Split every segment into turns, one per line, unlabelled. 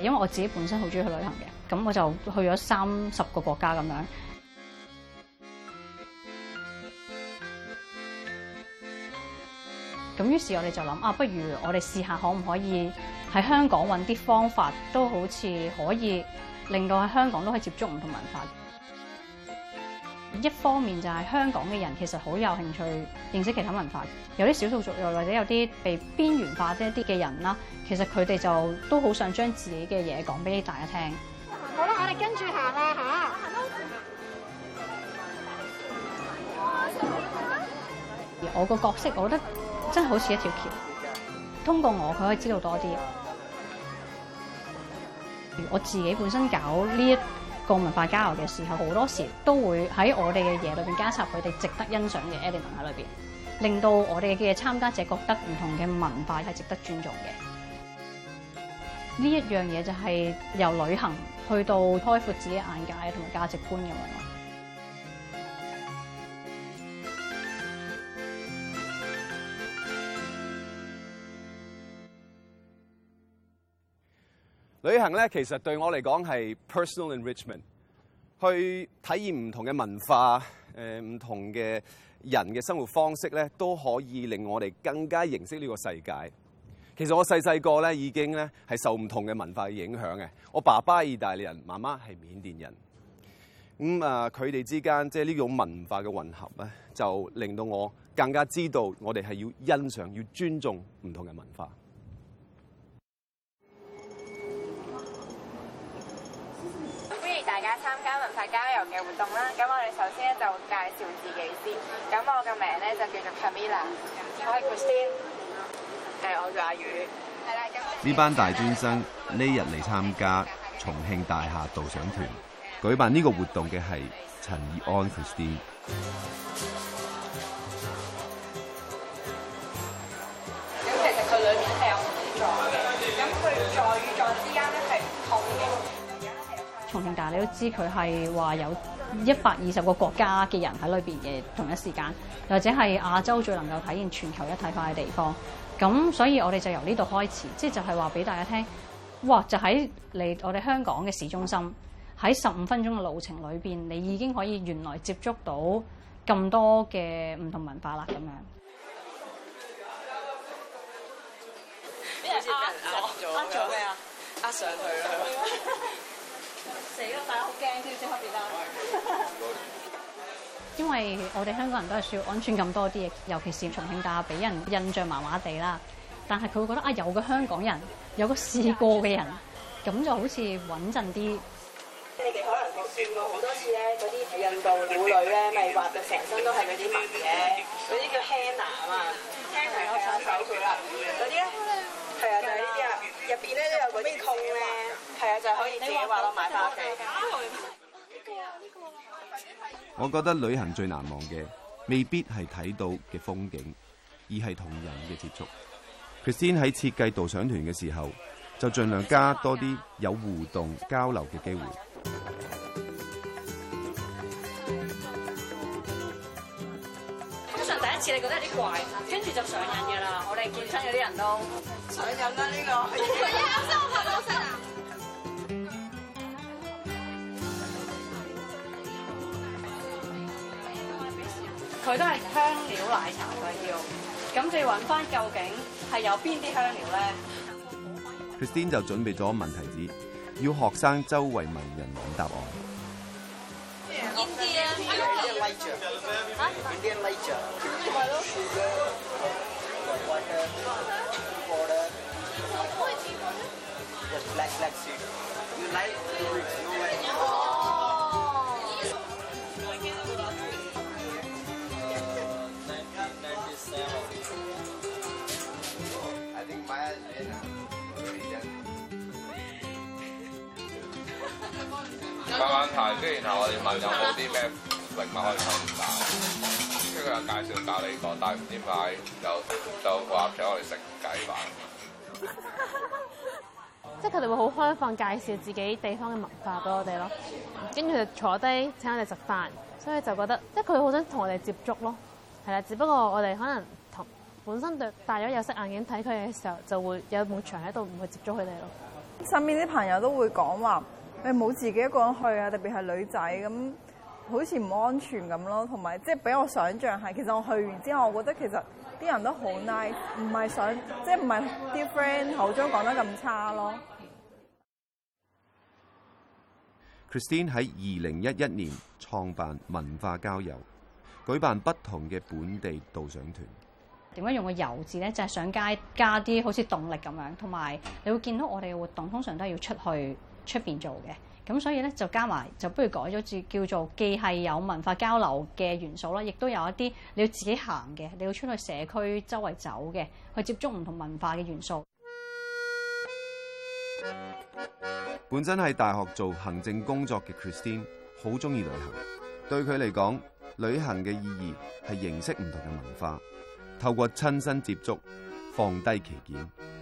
因為我自己本身好中意去旅行嘅，咁我就去咗三十個國家咁樣。咁於是我，我哋就諗啊，不如我哋試下可唔可以喺香港揾啲方法，都好似可以令到喺香港都可以接觸唔同文化。一方面就係香港嘅人其實好有興趣認識其他文化，有啲少數族裔或者有啲被邊緣化啲一啲嘅人啦，其實佢哋就都好想將自己嘅嘢講俾大家聽。
好啦，啊、我哋跟住行啦嚇，行咯。
而我個角色，我覺得真係好似一條橋，通過我佢可以知道多啲。我自己本身搞呢一個文化交流嘅時候，好多時都會喺我哋嘅嘢裏邊加插佢哋值得欣賞嘅 element 喺裏邊，令到我哋嘅參加者覺得唔同嘅文化係值得尊重嘅。呢一樣嘢就係由旅行去到開闊自己眼界同埋價值觀嘅文化。
旅行咧，其實對我嚟講係 personal enrichment，去體驗唔同嘅文化，誒、呃、唔同嘅人嘅生活方式咧，都可以令我哋更加認識呢個世界。其實我細細個咧已經咧係受唔同嘅文化影響嘅，我爸爸係意大利人，媽媽係緬甸人，咁啊佢哋之間即係呢種文化嘅混合咧，就令到我更加知道我哋係要欣賞、要尊重唔同嘅文化。
大家參加文化郊遊嘅活動啦！咁我哋首先
咧就介紹自己先。咁我嘅名咧就叫做 Camila，好我係 Christine 誒我叫阿
宇。係啦，呢班大專生呢的日嚟參加重慶大廈導賞團。舉辦呢個活動嘅係陳以安 Christine。
重慶大廈你都知佢係話有一百二十個國家嘅人喺裏邊嘅同一時間，或者係亞洲最能夠體現全球一體化嘅地方。咁所以，我哋就由呢度開始，即係就係話俾大家聽，哇！就喺嚟我哋香港嘅市中心，喺十五分鐘嘅路程裏邊，你已經可以原來接觸到咁多嘅唔同文化啦，咁樣。啱咗咩啊？壓上去啦！ 死咯！大家好驚先至去別啦！ 因為我哋香港人都係需要安全感多啲嘅，尤其是重慶大廈俾人印象麻麻地啦。但係佢會覺得啊，有個香港人，有個試過嘅人，咁就好似穩陣啲。你哋、嗯嗯嗯、可能算過好多次咧，嗰啲印度婦女咧咪畫到成身都係嗰啲紋嘅，嗰啲叫 henna 啊嘛，henna 我攤手佢啦，嗰啲咧
係啊，就係呢啲啊，入邊咧都有嗰啲控咧。嗯係啊，就係可以自己話咯，買翻屋企。
我覺得旅行最難忘嘅，未必係睇到嘅風景，而係同人嘅接觸。佢先喺設計導賞團嘅時候，就盡量加多啲有互動交流嘅機會。
通常第一次你覺得有啲怪，跟住就上癮㗎啦。我哋健身有啲人都上癮啦，呢、這個哈哈的。佢都係香料奶茶佢要，咁你要揾翻究竟係有邊啲香料
咧？Christine 就準備咗問題紙，要學生周圍問人揾答案。慢慢睇，跟然後我哋問有冇啲咩文物可以
分
享，即佢又介紹咖喱角，但唔知點解就就話請我哋食雞飯。即佢哋會好開放介紹自己地方嘅文化俾我哋咯，跟住就坐低請我哋食飯，所以就覺得即佢好想同我哋接觸咯。係啦，只不過我哋可能同本身對戴咗有色眼鏡睇佢嘅時候，就會有幕牆喺度，唔會接觸佢哋咯。身邊啲朋友都會講話。你冇自己一個人去啊，特別係女仔咁，好似唔安全咁咯。同埋即係畀我想象係，其實我去完之後，我覺得其實啲人都好 nice，唔係想即係唔係啲 friend 口中講得咁差咯。
Christine 喺二零一一年創辦文化交遊，舉辦不同嘅本地導賞團。
點樣用個遊字咧？就係想加啲好似動力咁樣，同埋你會見到我哋嘅活動通常都係要出去。出邊做嘅，咁所以咧就加埋，就不如改咗字叫做既係有文化交流嘅元素啦，亦都有一啲你要自己行嘅，你要出去社區周圍走嘅，去接觸唔同文化嘅元素。
本身喺大學做行政工作嘅 Christine 好中意旅行，對佢嚟講，旅行嘅意義係認識唔同嘅文化，透過親身接觸，放低歧見。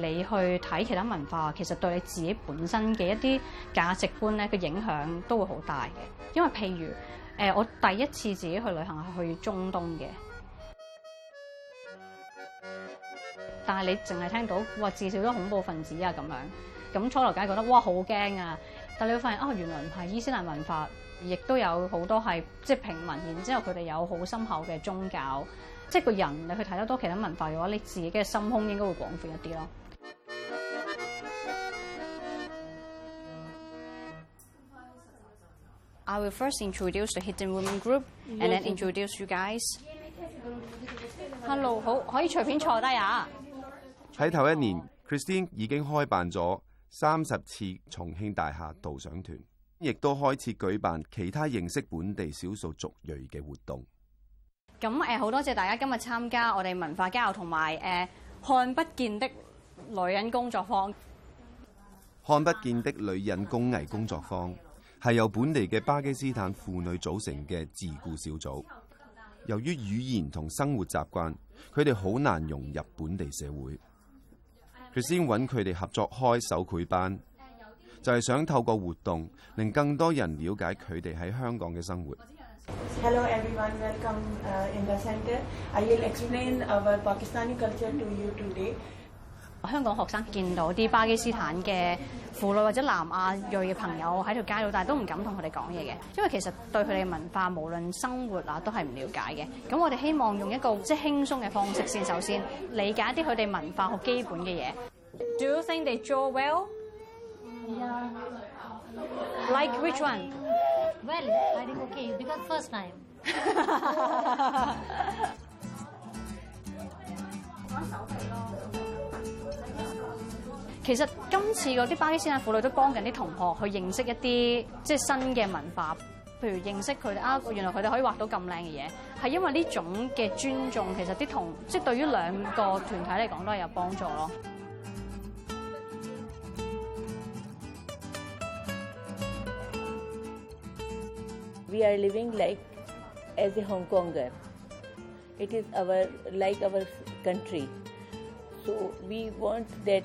你去睇其他文化，其實對你自己本身嘅一啲價值觀咧，個影響都會好大嘅。因為譬如、呃、我第一次自己去旅行係去中東嘅，但係你淨係聽到哇，至少都恐怖分子啊咁樣。咁初頭梗係覺得哇好驚啊，但係你會發現啊、哦，原來唔係伊斯蘭文化，亦都有好多係即係平民，然之後佢哋有好深厚嘅宗教。即係個人，你去睇得多其他文化嘅話，你自己嘅心胸應該會廣闊一啲咯。I will first introduce the hidden women group，and then introduce you guys、
mm。Hmm. Hello，
好可以隨便坐低啊！
喺頭 一年，Christine 已經開辦咗三十次重慶大廈導賞團，亦都開始舉辦其他認識本地少數族裔嘅活動。
咁誒好多謝大家今日參加我哋文化交流同埋誒看不見的女人工作坊，
看不見的女人工藝工作坊。係由本地嘅巴基斯坦婦女組成嘅自僱小組，由於語言同生活習慣，佢哋好難融入本地社會。佢先揾佢哋合作開手繪班，就係、是、想透過活動，令更多人瞭解佢哋喺香港嘅生活。
Hello everyone, welcome
香港學生見到啲巴基斯坦嘅婦女或者南亞裔嘅朋友喺條街度，但係都唔敢同佢哋講嘢嘅，因為其實對佢哋嘅文化無論生活啊都係唔了解嘅。咁我哋希望用一個即係、就是、輕鬆嘅方式先，首先理解一啲佢哋文化好基本嘅嘢。Do you think they draw
well? Yeah. Like which one? Well, I think okay, because first time. 手勢
咯～
其實今次嗰啲巴基斯坦婦女都幫緊啲同學去認識一啲即係新嘅文化，譬如認識佢哋啊，原來佢哋可以畫到咁靚嘅嘢，係因為呢種嘅尊重，其實啲同即係對於兩個團體嚟講都係有幫助咯。
We are living like as a Hong Konger. It is our like our country. So we want that.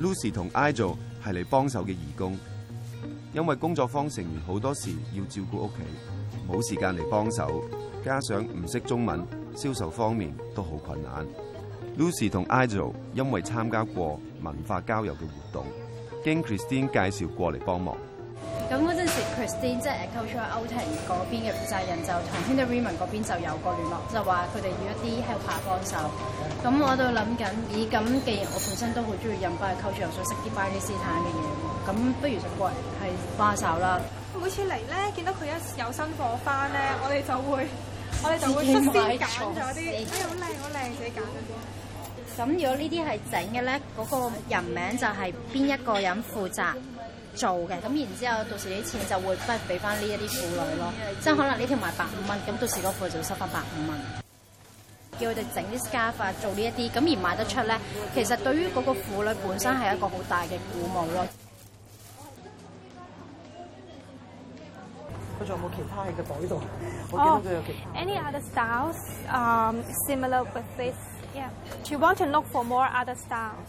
Lucy 同 Ido 係嚟幫手嘅義工，因為工作坊成員好多時要照顧屋企，冇時間嚟幫手，加上唔識中文，銷售方面都好困難。Lucy 同 Ido 因為參加過文化交流嘅活動，經 Christine 介紹過嚟幫忙。
咁嗰陣時，Christine 即係 Culture Outing 嗰邊嘅負責人，就同 Hindu Women 嗰邊就有個聯絡，就話佢哋要一啲 Help 下幫手。咁我喺度諗緊，咦？咁既然我本身都好中意印 Culture 又想食啲巴基斯坦嘅嘢，咁不如就個人係幫手啦。每次嚟咧，見到佢一有新貨翻咧，我哋就會我哋就會率先揀咗啲， 哎好靚好靚自己揀嘅啲。咁如果這些是做的呢啲係整嘅咧，嗰、那個人名就係邊一個人負責？做嘅咁，然之後到時啲錢就會翻俾翻呢一啲婦女咯，即係可能呢條賣百五蚊，咁到時嗰婦女就會收翻百五蚊。叫佢哋整啲 scarf 呀做呢一啲，咁而賣得出咧，其實對於嗰個婦女本身係一個好大嘅鼓舞咯。佢仲有冇其他喺個袋度？我見到佢有其他。Any other
styles,um, similar with this? Yeah. Do you want to look for more other styles?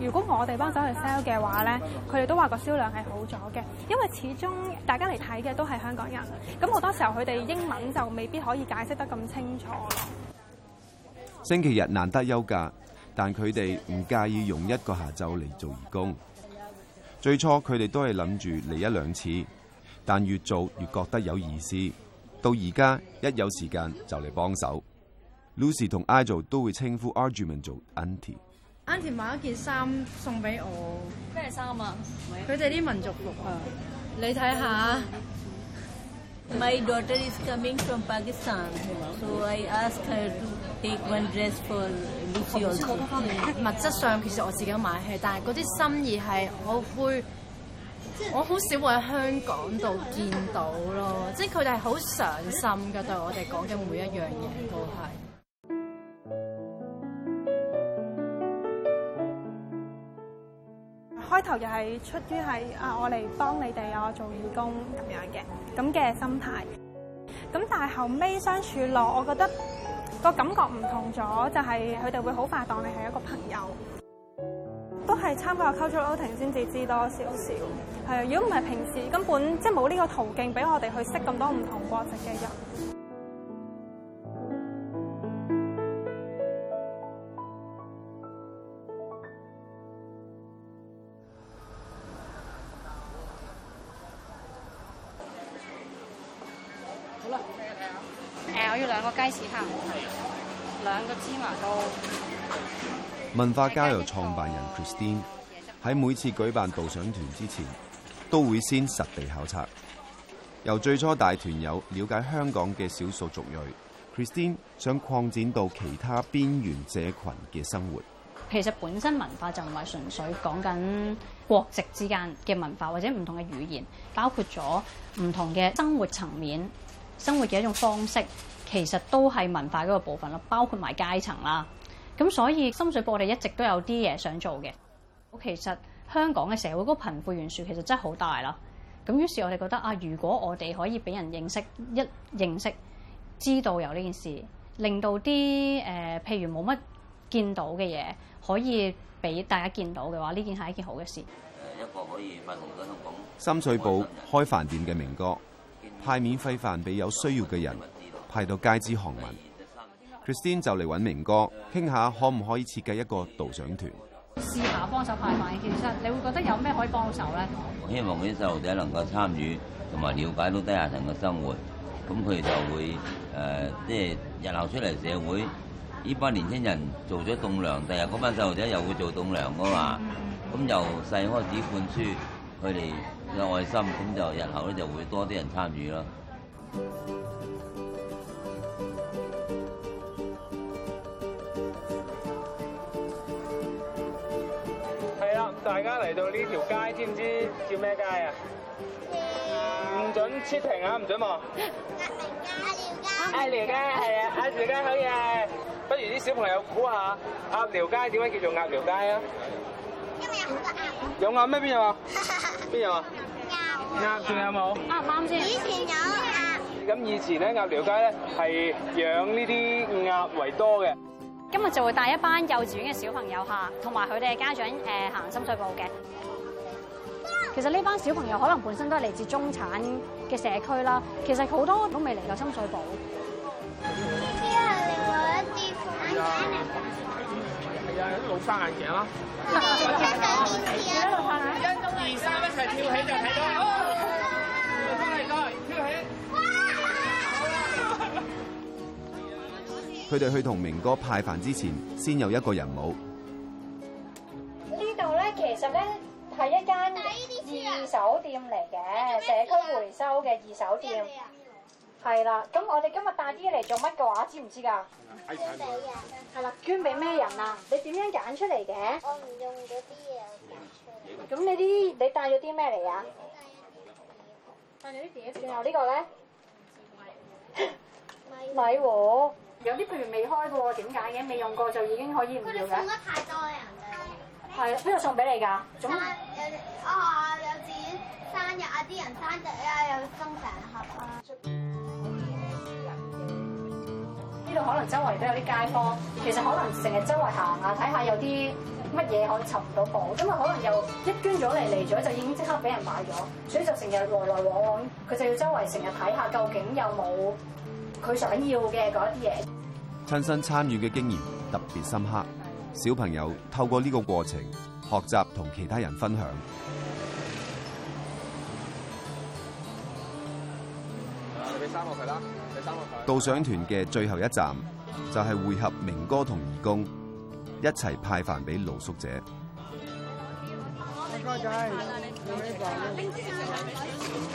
如果我哋幫手去 sell 嘅話咧，佢哋都話個銷量係好咗嘅，因為始終大家嚟睇嘅都係香港人，咁好多時候佢哋英文就未必可以解釋得咁清楚。
星期日難得休假，但佢哋唔介意用一個下晝嚟做義工。最初佢哋都係諗住嚟一兩次，但越做越覺得有意思，到而家一有時間就嚟幫手。Lucy 同 i z l 都會稱呼 a r g u m a n 做 Auntie。
班田買一件衫送俾我，咩衫啊？佢哋啲民族服啊，你睇下。
My daughter is coming from Pakistan, so I asked her to take one dress for Lucy also。物質上，其實我自己買買但係嗰啲
心意係，我會，我好少會喺香港度見到咯，即係佢哋係好上心㗎對我哋講嘅每一樣嘢都係。開頭又係出於係啊，我嚟幫你哋啊，我做義工咁樣嘅咁嘅心態。咁但係後尾相處落，我覺得個感覺唔同咗，就係佢哋會好快當你係一個朋友。都係參加 culture outing 先至知多少少。係啊，如果唔係平時根本即係冇呢個途徑俾我哋去識咁多唔同國籍嘅人。雞翅黑，兩個芝麻糕。
文化交流創辦人 Christine 喺每次舉辦導賞團之前，都會先實地考察。由最初大團友了解香港嘅少數族裔，Christine 想擴展到其他邊緣社群嘅生活。
其實本身文化就唔係純粹講緊國籍之間嘅文化，或者唔同嘅語言，包括咗唔同嘅生活層面、生活嘅一種方式。其實都係文化嗰個部分咯，包括埋階層啦。咁所以深水埗我哋一直都有啲嘢想做嘅。其實香港嘅社會嗰個貧富懸殊其實真係好大啦。咁於是，我哋覺得啊，如果我哋可以俾人認識一認識、知道有呢件事，令到啲誒、呃、譬如冇乜見到嘅嘢可以俾大家見到嘅話，呢件係一件好嘅事。
誒，一個可以分享我同
深水埗開飯店嘅明哥派免費飯俾有需要嘅人。派到街知巷聞，Christine 就嚟揾明哥傾下，可唔可以設計一個導賞團？
試下幫手派飯嘅，其實你會覺得有咩可以幫手咧？
我希望嗰啲細路仔能夠參與同埋了解到
低下層嘅生活，咁佢就會誒，即係日後出嚟社會，呢班年輕人做咗棟梁，第日嗰班細路仔又會做棟梁嘅嘛。咁由細開始灌輸佢哋嘅愛心，咁就日後咧就會多啲人參與咯。
大家嚟到呢條街，知唔知叫咩
街啊？唔準切停啊！唔準望。鴨
寮街。鴨寮街係啊，鴨寮街好嘢。不如啲小朋友估下，鴨寮街點解叫做鴨寮街啊？因為有好多鴨。有鴨咩邊有啊？邊有啊？啱先有冇？
啱先。以前有。
咁以前咧鴨寮街咧係養呢啲鴨為多嘅。
今日就會帶一班幼稚園嘅小朋友下，同埋佢哋嘅家長誒行深水埗嘅。其實呢班小朋友可能本身都係嚟自中產嘅社區啦，其實好多都未嚟過深水埗
這。呢啲係另外一啲眼鏡嚟㗎。係啊，啲老花眼鏡啦。
一、二、三，一齊跳起就睇到。多係多，
跳起。
佢哋去同明哥派飯之前，先有一個人冇。
呢度咧，其實咧係一間二手店嚟嘅，社區回收嘅二手店。係啦，咁我哋今日帶啲嘢嚟做乜嘅話，知唔知噶？係啦，
捐
俾啊！係啦，捐俾咩人啊？你點樣揀出嚟嘅？
我唔用嗰啲嘢，我揀。
咁你啲你帶咗啲咩嚟啊？帶咗啲嘢。仲有呢個咧？米米和。有啲佢未開嘅喎，點解嘅？未用過就已經可以唔用嘅？佢送得太多人嘅。係邊個送俾你㗎？總有！啊、哦、有節生日啊
啲人生日啊，有生成盒啊。呢度、嗯、可能周圍都有啲街
坊，其實可能成日周圍行下睇下有啲乜嘢可以尋到寶，因為可能又一捐咗嚟嚟咗就已經即刻俾人買咗，所以就成日來來往往，佢就要周圍成日睇下究竟有冇。
佢想要嘅嗰啲嘢，親身參與嘅經驗特別深刻。小朋友透過呢個過程學習同其他人分享。俾三個佢啦，俾三個佢。導賞團嘅最後一站就係會合明哥同義工，一齊派飯俾露宿者。
誒，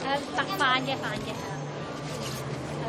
白飯嘅飯嘅。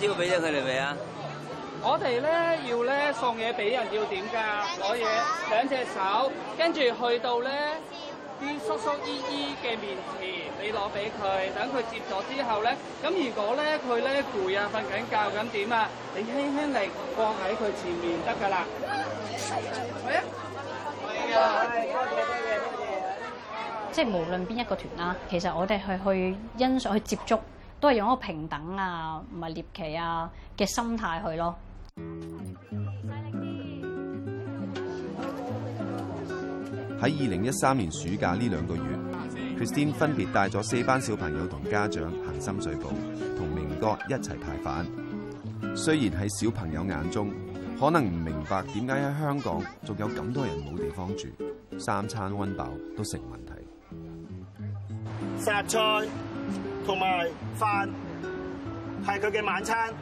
招俾咗佢哋未啊？我哋咧要咧送嘢俾人
要點噶？攞嘢兩隻手，跟住去到咧啲叔叔姨姨嘅面前，你攞俾佢，等佢接咗之後咧，咁如果咧
佢咧攰啊瞓緊覺咁點啊？你輕輕哋放喺佢前面得噶啦。
係啊！係啊！係啊！
係啊！即係無論邊一個團啦，其實我哋係去欣賞去接觸。都係用一個平等啊，唔係獵奇啊嘅心態去咯。
喺二零一三年暑假呢兩個月，Christine 分別帶咗四班小朋友同家長行深水埗，同明哥一齊排飯。雖然喺小朋友眼中，可能唔明白點解喺香港仲有咁多人冇地方住，三餐温飽都成問題。
殺菜。同
埋飯係佢嘅晚餐，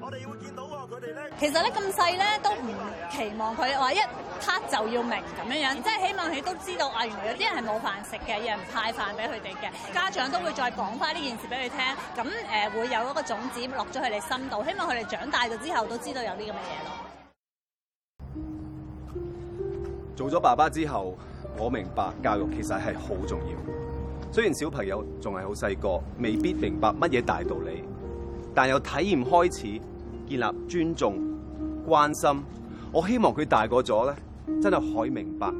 我哋會
見到喎佢哋咧。其實咧咁細咧，都唔期望佢話一刻就要明咁樣樣，即係希望佢都知道啊。原來有啲人係冇飯食嘅，有人派飯俾佢哋嘅，家長都會再講翻呢件事俾佢聽，咁誒會有一個種子落咗佢哋心度，希望佢哋長大咗之後都知道有啲咁嘅嘢咯。
做咗爸爸之後，我明白教育其實係好重要。雖然小朋友仲係好細個，未必明白乜嘢大道理，但由體驗開始建立尊重、關心，我希望佢大個咗呢，真係可以明白，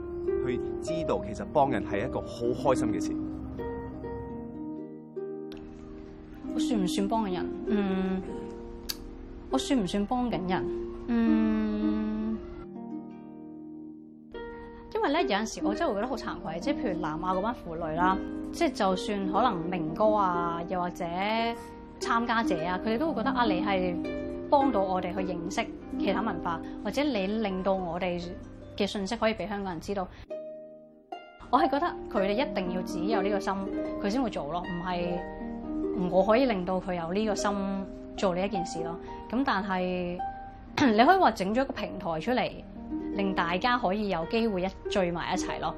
去知道其實幫人係一個好開心嘅事。
我算唔算幫人？嗯。我算唔算幫緊人？嗯。因為呢有陣時我真係會覺得好慚愧，即係譬如南亞嗰班婦女啦，即係就算可能明哥啊，又或者參加者啊，佢哋都會覺得啊，你係幫到我哋去認識其他文化，或者你令到我哋嘅信息可以俾香港人知道，我係覺得佢哋一定要自己有呢個心，佢先會做咯，唔係我可以令到佢有呢個心做呢一件事咯。咁但係你可以話整咗一個平台出嚟，令大家可以有機會一聚埋一齊咯。